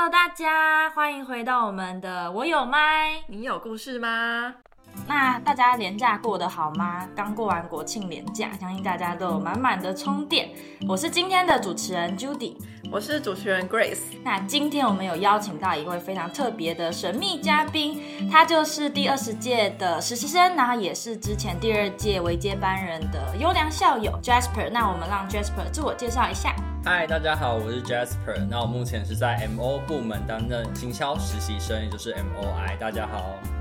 Hello，大家，歡迎回到我們的我有 Mi，你有故事嗎？那大家連假過得好嗎？剛過完國慶連假，相信大家都有滿滿的充電。我是今天的主持人 Judy。我是主持人 Grace，那今天我們有邀請到一位非常特別的神秘嘉賓，他就是第二十屆的實習生，然後也是之前第二屆微接班人的優良校友 Jasper。那我們讓 Jasper 自我介紹一下。嗨，大家好，我是 Jasper。那我目前是在 MO 部門擔任行銷實習生，也就是 MOI。大家好。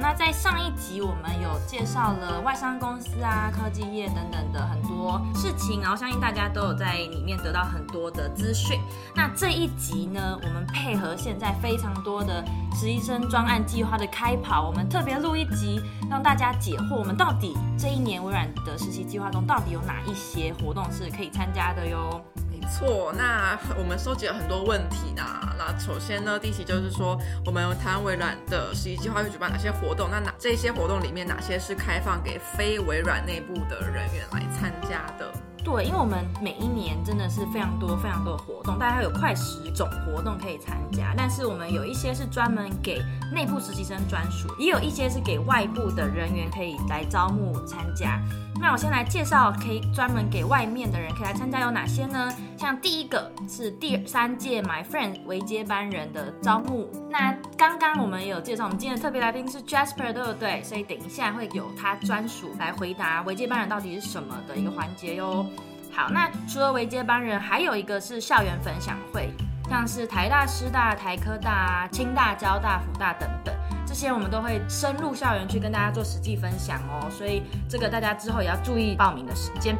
那在上一集，我們有介紹了外商公司啊、科技業等等的很多事情，然後相信大家都有在裡面得到很多的資訊。那這一集呢，我們配合現在非常多的實習生專案計劃的開跑，我們特別錄一集，讓大家解惑：我們到底這一年微軟的實習計劃中，到底有哪一些活動是可以參加的喲？錯，那我們收集了很多問題呢、啊。那首先呢，第一題就是說，我們台灣微軟的實習計劃會舉辦哪些活動？那哪這些活動裡面，哪些是開放給非微軟內部的人員來參加的？對，因為我們每一年真的是非常多非常多的活動，大概還有快十種活動可以參加。但是我們有一些是專門給內部實習生專屬，也有一些是給外部的人員可以來招募參加。那我先來介紹可以專門給外面的人可以來參加有哪些呢？像第一個是第三屆 My Friend 微接班人的招募。那剛剛我們也有介紹，我們今天的特別來賓是 Jasper，對不對？所以等一下會有他專屬來回答“微接班人”到底是什麼的一個環節喲、哦。好，那除了微接班人，還有一個是校園分享會，像是台大、師大、台科大、清大、交大、輔大等等，這些我們都會深入校園去跟大家做實際分享哦。所以這個大家之後也要注意報名的時間。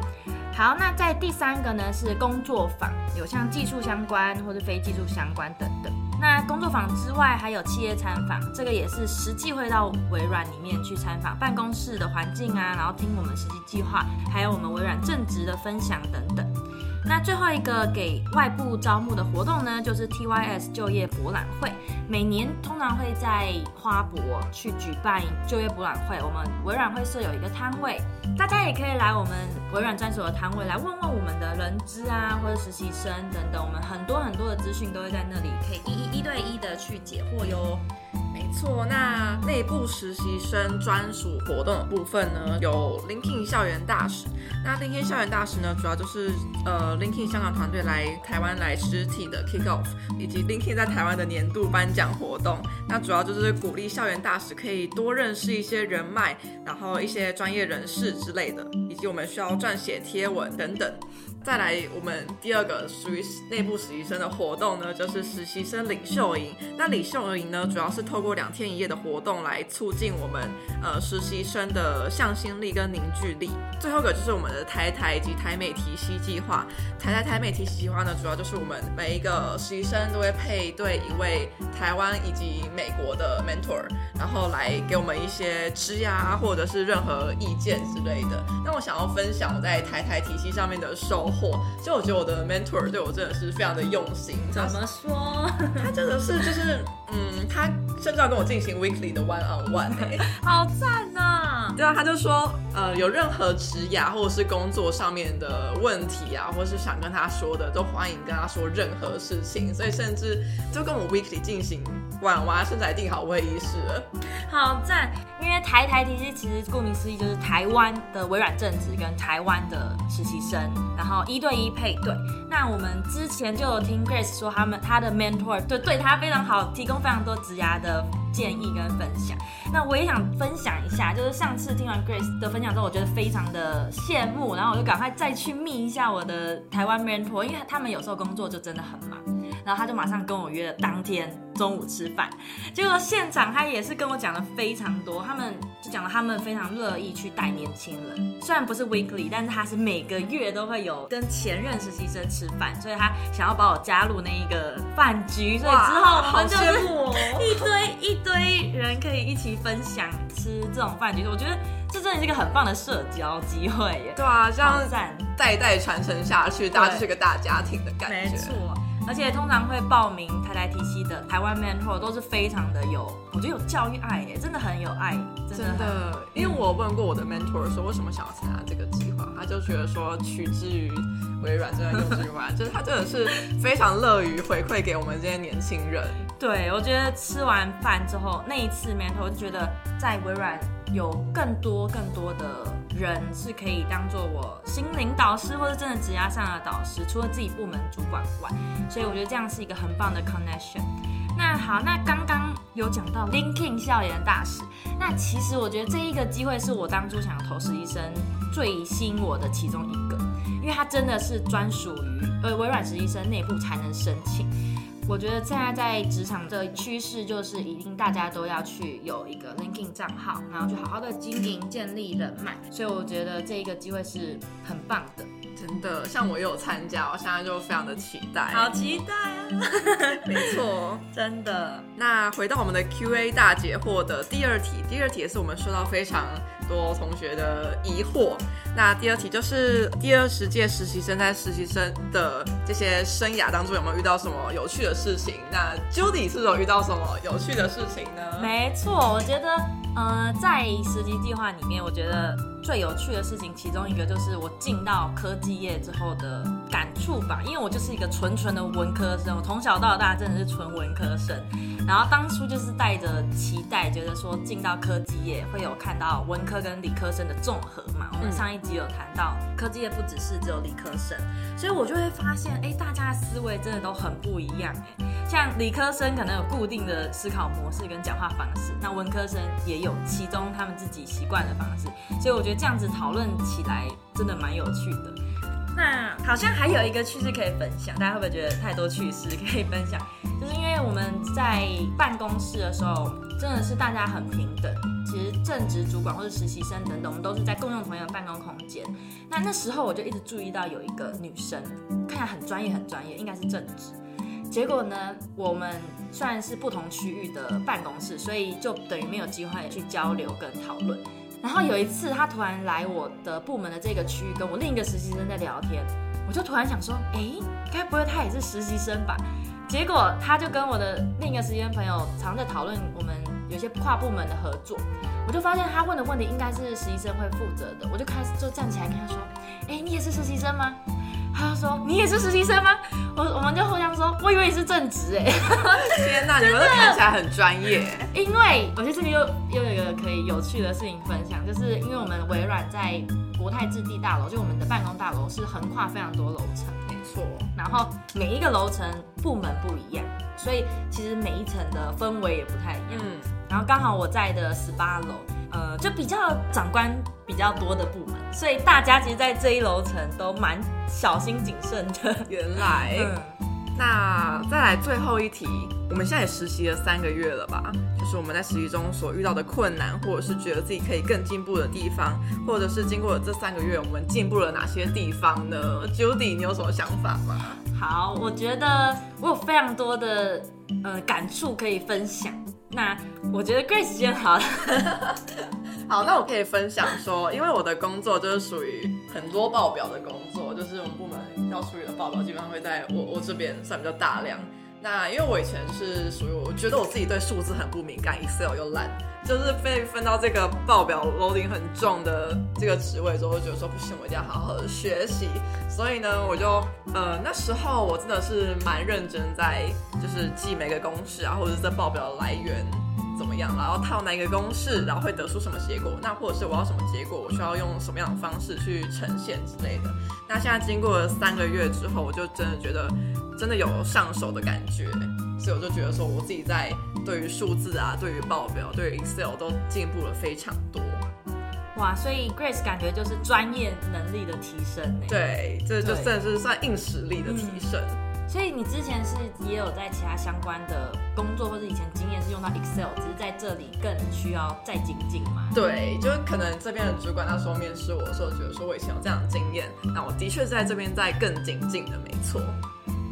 好，那在第三個呢是工作坊，有像技術相關或者非技術相關等等。那工作坊之外，還有企業參訪，這個也是實際會到微軟裡面去參訪辦公室的環境啊，然後聽我們實習計劃，還有我們微軟正職的分享等等。那最後一個給外部招募的活動呢，就是 TYS 就業博覽會，每年通常會在花博去舉辦就業博覽會。我們微軟會設有一個攤位，大家也可以來我們微軟專屬的攤位來問問我們的人資啊，或者實習生等等，我們很多很多的資訊都會在那裡，可以一一一對一的去解惑喲。沒錯，那內部實習生專屬活動的部分呢，有 LinkedIn 校園大使。那 LinkedIn 校園大使呢，主要就是呃，LinkedIn 香港團隊來台灣來實體的 Kick Off，以及 LinkedIn 在台灣的年度頒獎活動。那主要就是鼓勵校園大使可以多認識一些人脈，然後一些專業人士之類的，以及我們需要撰寫貼文等等。再來，我們第二個屬於內部實習生的活動呢，就是實習生領袖營。那領袖營呢，主要是透過兩天一夜的活動來促進我們呃實習生的向心力跟凝聚力。最後一個就是我們的台台以及台美體系計劃。台台台美體系計劃呢，主要就是我們每一個實習生都會配對一位台灣以及美國的 mentor，然後來給我們一些支呀或者是任何意見之類的。那我想要分享我在台台體系上面的收穫。就我覺得我的 mentor 對我真的是非常的用心，怎麼說？他真的是就是。 嗯，他甚至要跟我進行 weekly 的 one on one，、欸、 好讚吶、啊！對啊，他就說，呃，有任何職涯或者是工作上面的問題啊，或者是想跟他說的，都歡迎跟他說任何事情。所以甚至就跟我 weekly 進行 one on one，甚至定好會議室。好讚！因為台台其實其實顧名思義就是台灣的微軟正職跟台灣的實習生，然後一對一配對。那我們之前就有聽 Grace 說，他們他的 mentor 就對他非常好，提供。非常多職涯的建議跟分享，那我也想分享一下，就是上次聽完 Grace 的分享之後，我覺得非常的羨慕，然後我就趕快再去密一下我的台灣 mentor，因為他們有時候工作就真的很忙。然後他就馬上跟我約了當天中午吃飯。結果現場他也是跟我講了非常多，他們就講了他們非常樂意去帶年輕人。雖然不是 weekly，但是他是每個月都會有跟前任實習生吃飯，所以他想要把我加入那一個飯局。所以之後，哇！我們就是一堆一堆人可以一起分享吃這種飯局，我覺得這真的是一個很棒的社交機會耶！對啊，這樣代代傳承下去，對大家就是個大家庭的感覺。沒錯。而且通常會報名台台 TC 的台灣 mentor 都是非常的有，我覺得有教育愛耶、欸，真的很有愛，真的，真的。因為我問過我的 mentor 說為什麼想要參加這個計劃，他就覺得說取之於微軟，真的用之於微軟，就是他真的是非常樂於回饋給我們這些年輕人。對，我覺得吃完飯之後那一次 mentor 就覺得在微軟。有更多更多的人是可以當做我心靈導師，或者真的職業上的導師，除了自己部門主管外，所以我覺得這樣是一個很棒的 connection。那好，那剛剛有講到 LinkedIn 校園大使，那其實我覺得這一個機會是我當初想要投實習生最吸引我的其中一個，因為它真的是專屬於微軟實習生內部才能申請。我覺得現在在職場的趨勢就是，一定大家都要去有一個 LinkedIn 賬號，然後去好好的經營、建立人脈。所以我覺得這一個機會是很棒的。真的，像我又有參加，我現在就非常的期待。好期待啊！ 沒錯， 真的。那回到我們的 QA 大解惑的第二題，第二題也是我們說到非常多同學的疑惑。那第二題就是第二十屆實習生在實習生的這些生涯當中有沒有遇到什麼有趣的事情？那 Judy 是否有遇到什麼有趣的事情呢？沒錯，我覺得，呃，在實習計劃裡面，我覺得最有趣的事情，其中一個就是我進到科技業之後的感觸吧，因為我就是一個純純的文科生，我從小到大真的是純文科生。然後當初就是帶着期待，覺得說進到科技業會有看到文科跟理科生的綜合嘛。我們上一集有談到，科技業不只是只有理科生，所以我就會發現，哎、欸，大家的思維真的都很不一樣、欸。像理科生可能有固定的思考模式跟講話方式，那文科生也有其中他們自己習慣的方式，所以我覺得這樣子討論起來真的蠻有趣的。那、嗯、好像還有一個趣事可以分享，大家會不會覺得太多趣事可以分享？就是因為我們在辦公室的時候，真的是大家很平等。其實正職主管或是實習生等等，我們都是在共用同樣的辦公空間。那那時候我就一直注意到有一個女生，看起來很專業很專業，應該是正職。結果呢，我們算是不同區域的辦公室，所以就等於沒有機會去交流跟討論。然後有一次，他突然來我的部門的這個區域，跟我另一個實習生在聊天，我就突然想說，哎，該不會他也是實習生吧？結果他就跟我的另一個實習生朋友常在討論我們有些跨部門的合作，我就發現他問的問題應該是實習生會負責的，我就開始就站起來跟他說，哎，你也是實習生嗎？他就說，你也是實習生嗎？我我們就互相說，我以為你是正職哎、欸。 真的看起來很專業，因為我覺得這個又又有一個可以有趣的事情分享，就是因為我們微軟在國泰置地大樓，就我們的辦公大樓是橫跨非常多樓層，沒錯。然後每一個樓層部門不一樣，所以其實每一層的氛圍也不太一樣。嗯，然後剛好我在的十八樓，呃，就比較長官比較多的部門，所以大家其實在這一樓層都蠻小心謹慎的。嗯，原來。嗯那再來最後一題，我們現在也實習了三個月了吧？就是我們在實習中所遇到的困難，或者是覺得自己可以更進步的地方，或者是經過這三個月我們進步了哪些地方呢？Judy，你有什麼想法嗎？好，我覺得我有非常多的呃感觸可以分享。那我覺得 Grace 先好了， 好，那我可以分享說，因為我的工作就是屬於。很多報表的工作，就是我們部門要處理的報表，基本上會在我我這邊算比較大量。那因為我以前是屬於，我覺得我自己對數字很不敏感，Excel 又爛，就是被分到這個報表 loading 很重的這個職位之後，就覺得說不行，我一定要好好的學習。所以呢，我就呃那時候我真的是蠻認真在，就是記每個公式啊，或者是這報表的來源。怎麼樣，然後套那個公式，然後會得出什麼結果？那或者是我要什麼結果？我需要用什麼樣的方式去呈現之類的。那現在經過了三個月之後，我就真的覺得真的有上手的感覺，所以我就覺得說，我自己在對於數字啊、對於報表、對於 Excel 都進步了非常多。哇，所以 Grace 感覺就是專業能力的提升。對，這就算是算硬實力的提升。所以你之前是也有在其他相關的工作或是以前經驗是用到 Excel，只是在這裡更需要再精進嘛？對，就是可能這邊的主管他說面試我的時候，覺得說我以前有這樣的經驗，那我的確是在這邊在更精進的，沒錯。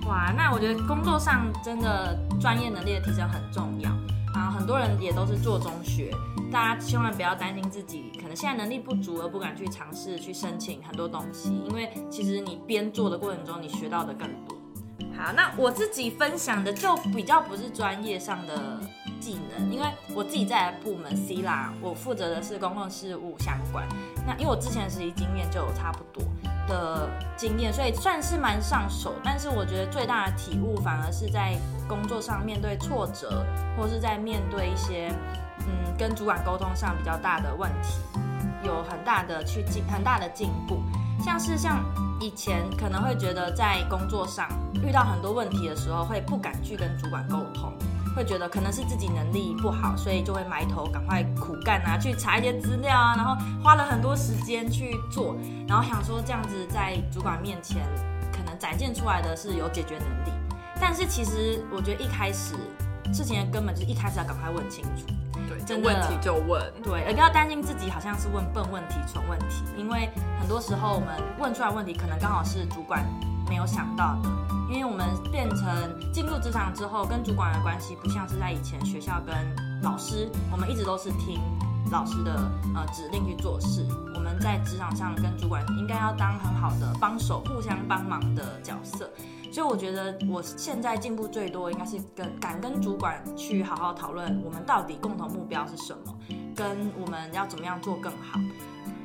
哇，那我覺得工作上真的專業能力的提升很重要啊！然後很多人也都是做中學，大家千萬不要擔心自己可能現在能力不足而不敢去嘗試去申請很多東西，因為其實你邊做的過程中，你學到的更多。好，那我自己分享的就比較不是專業上的技能，因為我自己在部門 C 啦，我負責的是公共事務相關。那因為我之前的實習經驗就有差不多的經驗，所以算是蠻上手。但是我覺得最大的體悟，反而是在工作上面對挫折，或是在面對一些嗯跟主管溝通上比較大的問題，有很大的去進，很大的進步。像是像以前可能會覺得在工作上遇到很多問題的時候，會不敢去跟主管溝通，會覺得可能是自己能力不好，所以就會埋頭趕快苦幹啊，去查一些資料啊，然後花了很多時間去做，然後想說這樣子在主管面前可能展現出來的是有解決能力，但是其實我覺得一開始。事情的根本就是一開始要趕快問清楚，對，有問題就問，對，而不要擔心自己好像是問笨問題、蠢問題，因為很多時候我們問出來問題，可能剛好是主管沒有想到的，因為我們變成進入職場之後，跟主管的關係不像是在以前學校跟老師，我們一直都是聽老師的呃指令去做事，我們在職場上跟主管應該要當很好的幫手，互相幫忙的角色。就我覺得我現在進步最多，應該是跟敢跟主管去好好討論，我們到底共同目標是什麼，跟我們要怎麼樣做更好。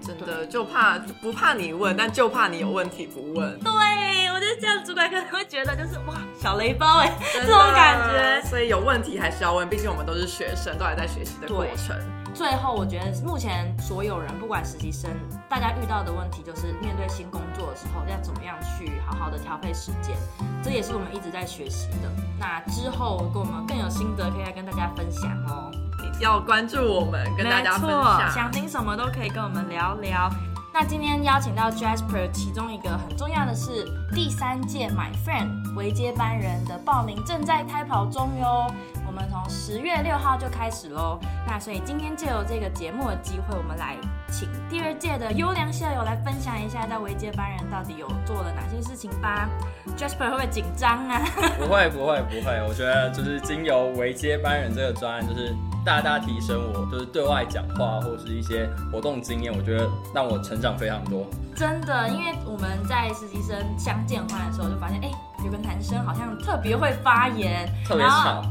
真的對就怕不怕你問，但就怕你有問題不問。對，我覺得這樣主管可能會覺得就是哇小雷包哎、欸、的這種感覺。所以有問題還是要問，畢竟我們都是學生，都還在學習的過程。最後，我覺得目前所有人，不管實習生，大家遇到的問題就是面對新工作的時候，要怎麼樣去好好的調配時間，這也是我們一直在學習的。那之後，如果我們更有心得，可以來跟大家分享哦。你要關注我們，跟大家分享，想聽什麼都可以跟我們聊聊。那今天邀請到 Jasper，其中一個很重要的是第三屆 My Friend 微接班人的報名正在開跑中喲。我們從十月六號就開始嘍。那所以今天借由這個節目的機會，我們來請第二屆的優良校友來分享一下，在微接班人到底有做了哪些事情吧。Jasper 會不會緊張啊 不？不會不會不會，我覺得就是經由微接班人這個專案，就是。大大提升我，就是對外講話或者是一些活動經驗，我覺得讓我成長非常多。真的，因為我們在實習生相見歡的時候就發現，哎、欸，有個男生好像特別會發言，特別吵，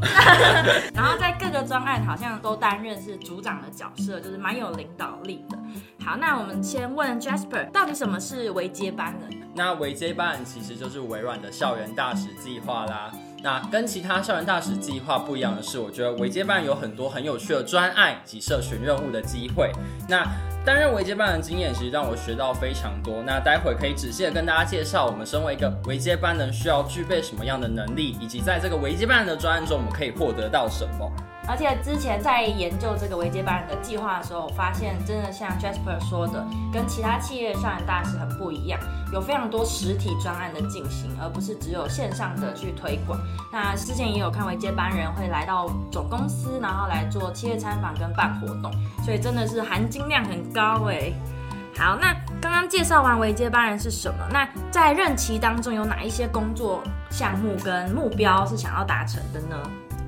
然後在各個專案好像都擔任是組長的角色，就是蠻有領導力的。好，那我們先問 Jasper，到底什麼是微接班人？那微接班人其實就是微軟的校園大使計劃啦。那跟其他校園大使計劃不一樣的是，我覺得微接班有很多很有趣的專案及社群任務的機會。那擔任微接班的經驗其實讓我學到非常多。那待會可以仔細的跟大家介紹，我們身為一個微接班人需要具備什麼樣的能力，以及在這個微接班人的專案中我們可以獲得到什麼。而且之前在研究這個微接班人的計劃的時候，我發現真的像 Jasper 說的，跟其他企業上的大致是很不一樣，有非常多實體專案的進行，而不是只有線上的去推廣。那之前也有看微接班人會來到總公司，然後來做企業參訪跟辦活動，所以真的是含金量很高誒。好，那剛剛介紹完微接班人是什麼，那在任期當中有哪一些工作項目跟目標是想要達成的呢？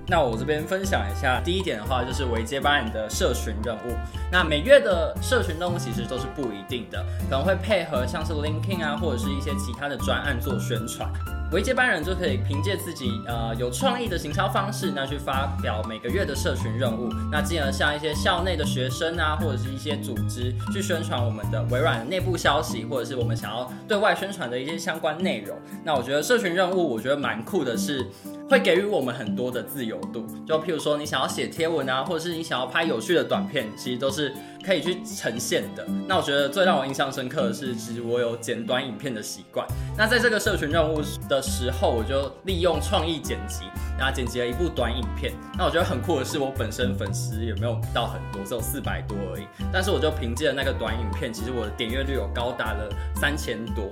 那我這邊分享一下，第一點的話就是微接班人的社群任務。那每月的社群任務其實都是不一定的，可能會配合像是 LinkedIn 啊，或者是一些其他的專案做宣傳。微接班人就可以憑借自己呃有創意的行銷方式，那去發表每個月的社群任務，那進而向一些校內的學生啊，或者是一些組織去宣傳我們的微軟的內部消息，或者是我們想要對外宣傳的一些相關內容。那我覺得社群任務，我覺得蠻酷的是，會給予我們很多的自由度。就譬如說，你想要寫貼文啊，或者是你想要拍有趣的短片，其實都是。可以去呈現的。那我覺得最讓我印象深刻的是，其實我有剪短影片的習慣。那在這個社群任務的時候，我就利用創意剪輯，然後剪輯了一部短影片。那我覺得很酷的是，我本身粉絲也沒有到很多，只有四百多而已。但是我就憑借了那個短影片，其實我的點閱率有高達了三千多。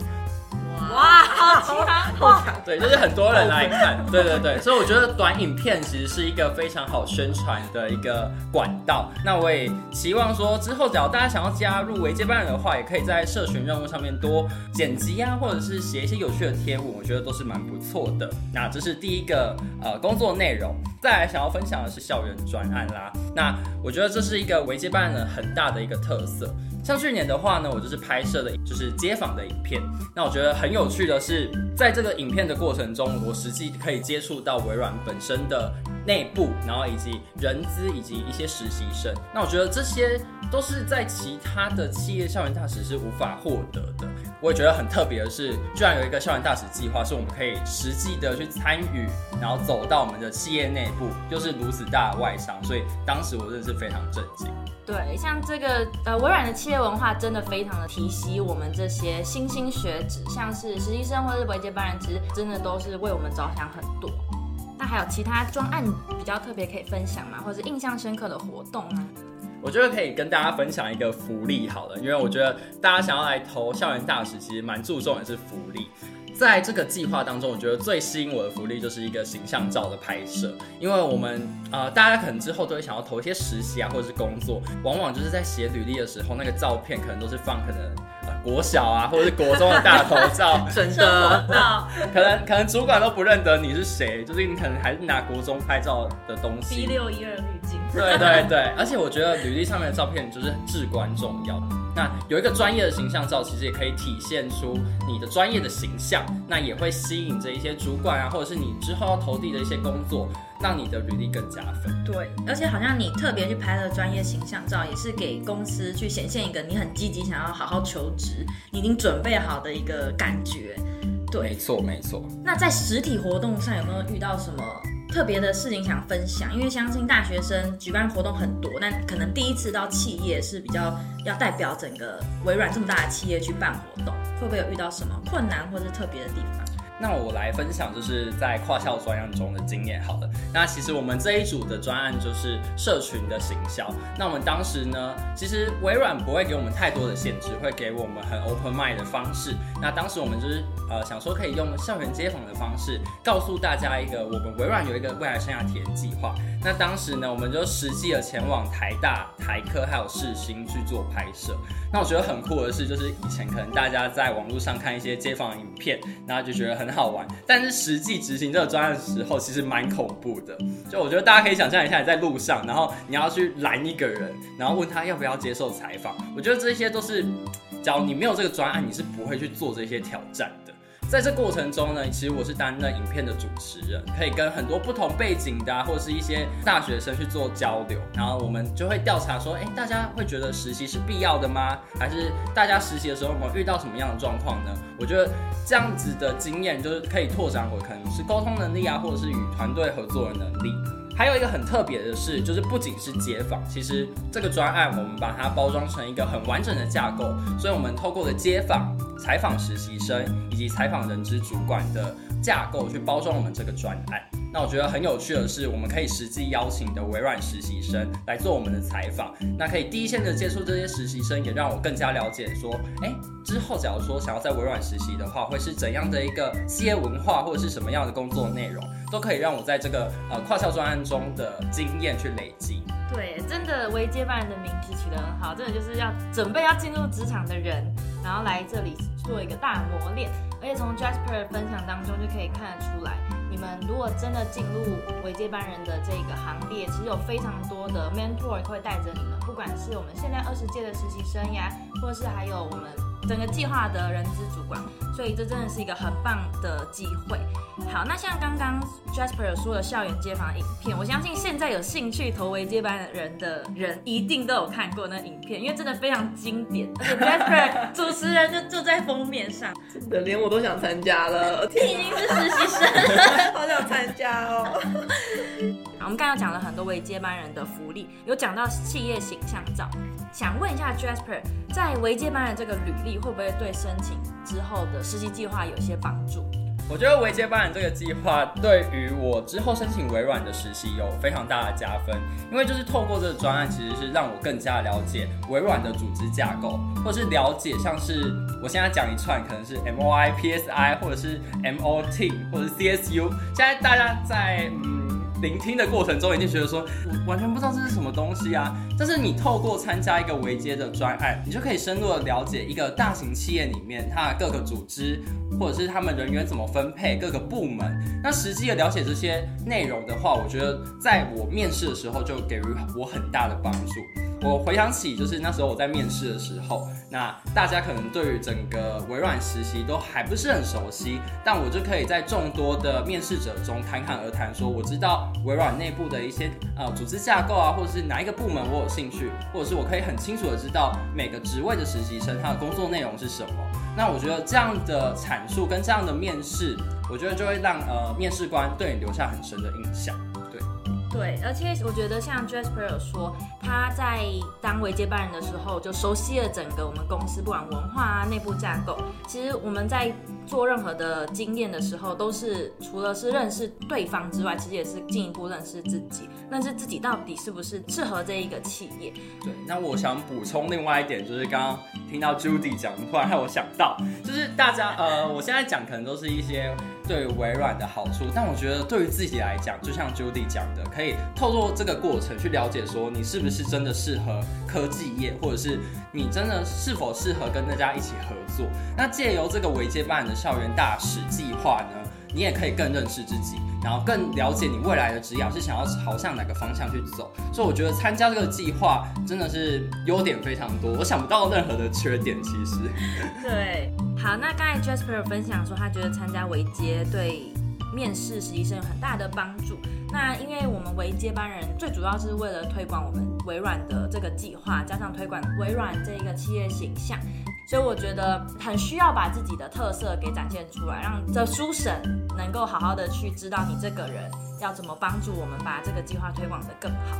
哇，好強，好強！好好好好對，就是很多人來看，對對對，所以我覺得短影片其實是一個非常好宣傳的一個管道。那我也希望說，之後只要大家想要加入微接班人的話，也可以在社群任務上面多剪輯呀、啊，或者是寫一些有趣的貼文，我覺得都是蠻不錯的。那這是第一個呃，工作內容。再來想要分享的是校園專案啦，那我覺得這是一個微接班人的很大的一個特色。像去年的話呢，我就是拍攝的，就是街訪的影片。那我覺得很有趣的是，在這個影片的過程中，我實際可以接觸到微軟本身的內部，然後以及人資以及一些實習生，那我覺得這些都是在其他的企業校園大使是無法獲得的。我也覺得很特別的是，居然有一個校園大使計劃，是我們可以實際的去參與，然後走到我們的企業內部，又、就是如此大的外商，所以當時我真的是非常震驚。對，像這個呃微軟的企業文化真的非常的提攜我們這些莘莘學子，像是實習生或是微接班人，其實真的都是為我們着想很多。那還有其他專案比較特別可以分享嗎？或者是印象深刻的活動嗎？我覺得可以跟大家分享一個福利好了，因為我覺得大家想要來投校園大使，其實蠻注重的是福利。在這個計劃當中，我覺得最吸引我的福利就是一個形象照的拍攝，因為我們、呃、大家可能之後都會想要投一些實習啊，或者是工作，往往就是在寫履歷的時候，那個照片可能都是放可能，國小啊，或者是國中的大頭照， 真的。可能可能主管都不認得你是誰，就是你可能還是拿國中拍照的東西，B612 濾鏡，綠對對對，而且我覺得履歷上面的照片就是至關重要的。那有一個專業的形象照，其實也可以體現出你的專業的形象，那也會吸引着一些主管啊，或者是你之後要投遞的一些工作，讓你的履歷更加分。對，而且好像你特別去拍了專業形象照，也是給公司去顯現一個你很積極，想要好好求職，你已經準備好的一個感覺。對，沒錯沒錯。沒錯，那在實體活動上有沒有遇到什麼？特別的事情想分享，因為相信大學生舉辦活動很多，但可能第一次到企業是比較要代表整個微軟這麼大的企業去辦活動，會不會有遇到什麼困難或者是特別的地方？那我來分享，就是在跨校專案中的經驗好了。那其實我們這一組的專案就是社群的行銷。那我們當時呢，其實微軟不會給我們太多的限制，會給我們很 open mind 的方式。那當時我們就是呃想說可以用校園街訪的方式，告訴大家一個我們微軟有一個未來生涯體驗計劃。那當時呢，我們就實際的前往台大、台科還有世新去做拍攝。那我覺得很酷的是，就是以前可能大家在網絡上看一些街訪影片，那就覺得很。很好玩，但是實際執行這個專案的時候，其實蠻恐怖的。就我覺得大家可以想象一下，你在路上，然後你要去攔一個人，然後問他要不要接受採訪。我覺得這些都是，只要你沒有這個專案，你是不會去做這些挑戰的。在這過程中呢，其實我是擔任影片的主持人，可以跟很多不同背景的、啊，或者是一些大學生去做交流。然後我們就會調查說，誒，大家會覺得實習是必要的嗎？還是大家實習的時候，我們遇到什麼樣的狀況呢？我覺得這樣子的經驗，就是可以拓展我可能是溝通能力啊，或者是與團隊合作的能力。還有一個很特別的是，就是不僅是街訪，其實這個專案我們把它包裝成一個很完整的架構，所以我們透過了街訪。採訪實習生以及採訪人資主管的架構去包裝我們這個專案。那我覺得很有趣的是，我們可以實際邀請的微軟實習生來做我們的採訪。那可以第一線的接觸這些實習生，也讓我更加了解說，哎，之後假如說想要在微軟實習的話，會是怎樣的一個企業文化或者是什麼樣的工作內容，都可以讓我在這個呃跨校專案中的經驗去累積。對，真的微接班人的名字取得很好，真的就是要準備要進入職場的人。然後來這裡做一個大磨練，而且從 Jasper 的分享當中就可以看得出來，你們如果真的進入微接班人的這個行列，其實有非常多的 mentor 會帶着你們，不管是我們現在二十屆的實習生呀，或者是還有我們。整個計劃的人資主管，所以這真的是一個很棒的機會。好，那像剛剛 Jasper 有說的校園街訪影片，我相信現在有興趣投微接班的人的人，一定都有看過那影片，因為真的非常經典。而且 Jasper 主持人就坐 在封面上，真的連我都想參加了。你、啊、已經是實習生， 好想參加哦。 我們剛剛講了很多微接班人的福利，有講到企業形象照。想問一下 Jasper，在微接班人這個履歷會不會對申請之後的實習計劃有些幫助？我覺得微接班人這個計劃對於我之後申請微軟的實習有非常大的加分，因為就是透過這個專案，其實是讓我更加了解微軟的組織架構，或者是了解像是我現在講一串，可能是 M O I、P S I 或者是 M O T 或者是 C S U，現在大家在聆聽的過程中，一定覺得說我完全不知道這是什麼東西啊！但是你透過參加一個微接的專案，你就可以深入的了解一個大型企業裡面它的各個組織或者是他們人員怎麼分配各個部門。那實際的了解這些內容的話，我覺得在我面試的時候就給予我很大的幫助。我回想起，就是那時候我在面試的時候，那大家可能對於整個微軟實習都還不是很熟悉，但我就可以在眾多的面試者中侃侃而談，說我知道微軟內部的一些呃組織架構啊，或者是哪一個部門我有興趣，或者是我可以很清楚的知道每個職位的實習生他的工作內容是什麼。那我覺得這樣的闡述跟這樣的面試，我覺得就會讓呃面試官對你留下很深的印象。對，而且我覺得像 Jasper 有說，他在當微接班人的時候，就熟悉了整個我們公司，不管文化啊、內部架構。其實我們在做任何的經驗的時候，都是除了是認識對方之外，其實也是進一步認識自己，認識自己到底是不是適合這一個企業。對，那我想補充另外一點，就是剛剛聽到 Judy 講的話，讓我想到，就是大家，呃，我現在講可能都是一些。對於微軟的好處，但我覺得對於自己來講，就像 Judy 講的，可以透過這個過程去了解，說你是不是真的適合科技業，或者是你真的是否適合跟大家一起合作。那借由這個微接班人的校園大使計劃呢，你也可以更認識自己，然後更了解你未來的職業是想要朝向哪個方向去走。所以我覺得參加這個計劃真的是優點非常多，我想不到任何的缺點。其實，對，好，那剛才 Jasper 分享說他覺得參加微接對面試實習生有很大的幫助。那因為我們微接班人最主要是為了推廣我們微軟的這個計劃，加上推廣微軟這一個企業形象。所以我覺得很需要把自己的特色給展現出來，讓這書審能夠好好的去知道你這個人要怎麼幫助我們把這個計劃推廣得更好。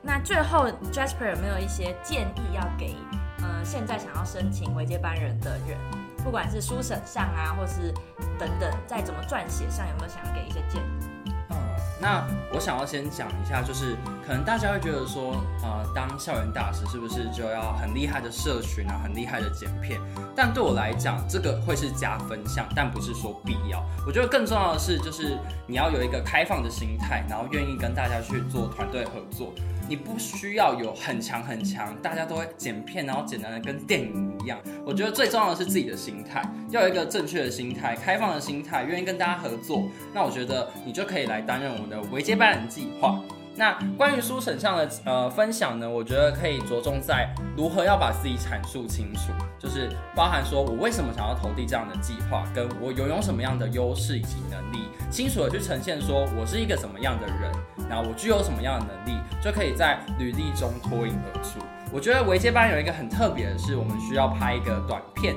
那最後 Jasper 有沒有一些建議要給呃現在想要申請微接班人的人，不管是書審上啊，或是等等，在怎麼撰寫上有沒有想要給一些建議？那我想要先講一下，就是可能大家會覺得說，呃，當校園大使是不是就要很厲害的社群啊，很厲害的剪片？但對我來講，這個會是加分項，但不是說必要。我覺得更重要的是，就是你要有一個開放的心態，然後願意跟大家去做團隊合作。你不需要有很強很強，大家都會剪片，然後簡單的跟電影一樣。我覺得最重要的是自己的心態，要有一個正確的心態，開放的心態，願意跟大家合作，那我覺得你就可以來擔任我們的微接班人計劃。那關於書審上的呃分享呢，我覺得可以着重在如何要把自己闡述清楚，就是包含說我為什麼想要投遞這樣的計劃，跟我擁有什麼樣的優勢以及能力，清楚地去呈現說我是一個什麼樣的人，然後我具有什麼樣的能力，就可以在履歷中脫穎而出。我覺得微接班有一個很特別的是，我們需要拍一個短片。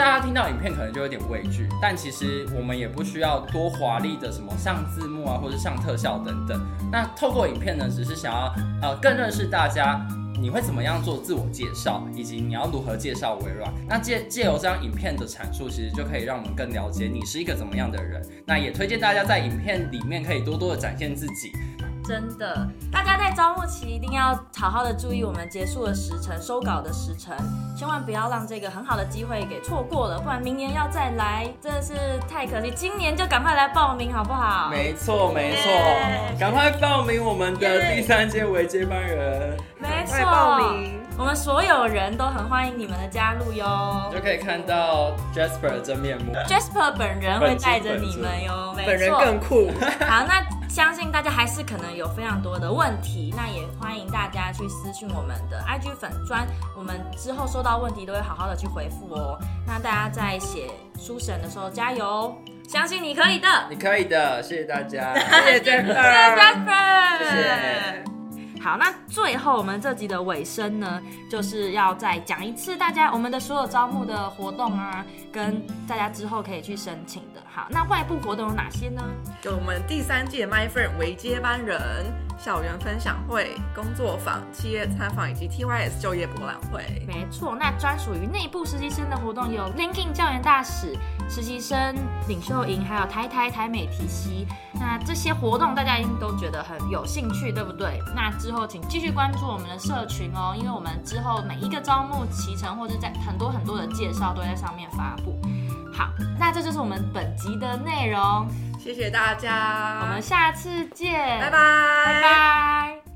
大家聽到影片可能就有點畏懼，但其實我們也不需要多華麗的什麼像字幕啊，或者像特效等等。那透過影片呢，只是想要呃更認識大家，你會怎麼樣做自我介紹，以及你要如何介紹微軟。那借借由這張影片的闡述，其實就可以讓我們更了解你是一個怎麼樣的人。那也推薦大家在影片裡面可以多多的展現自己。真的，大家在招募期一定要好好的注意我們結束的時辰、收稿的時辰，千萬不要讓這個很好的機會給錯過了，不然明年要再來真的是太可惜。今年就趕快來報名好不好？沒錯沒錯，趕 Yeah, 快報名我們的第三屆微接班人，Yeah. 趕快報名。沒錯。我們所有人都很歡迎你們的加入喲，就可以看到 Jasper 的真面目。對 Jasper 本人會帶着你們喲、喔，沒錯，本人更酷。好，那相信大家還是可能有非常多的問題， 那也歡迎大家去私訊我們的 IG 粉專，我們之後收到問題都會好好的去回復哦、喔。那大家在寫書審的時候加油，相信你可以的，嗯、你可以的，謝謝大家，謝謝 Jasper，謝謝 Jasper，謝謝。 好，那最後我們這集的尾聲呢，就是要再講一次大家我們的所有招募的活動啊，跟大家之後可以去申請的。好，那外部活動有哪些呢？有我們第三屆 My Friend 微接班人。校園分享會、工作坊、企業參訪以及 TYS 就業博覽會，沒錯。那專屬於內部實習生的活動有 Linking 教研大使、實習生領袖營，還有台台台美體系。那這些活動大家一定都覺得很有興趣，對不對？那之後請繼續關注我們的社群哦，因為我們之後每一個招募、期程，或者在很多很多的介紹都會在上面發布。好，那這就是我們本集的內容。謝謝大家、嗯，我們下次見，拜拜拜拜。Bye bye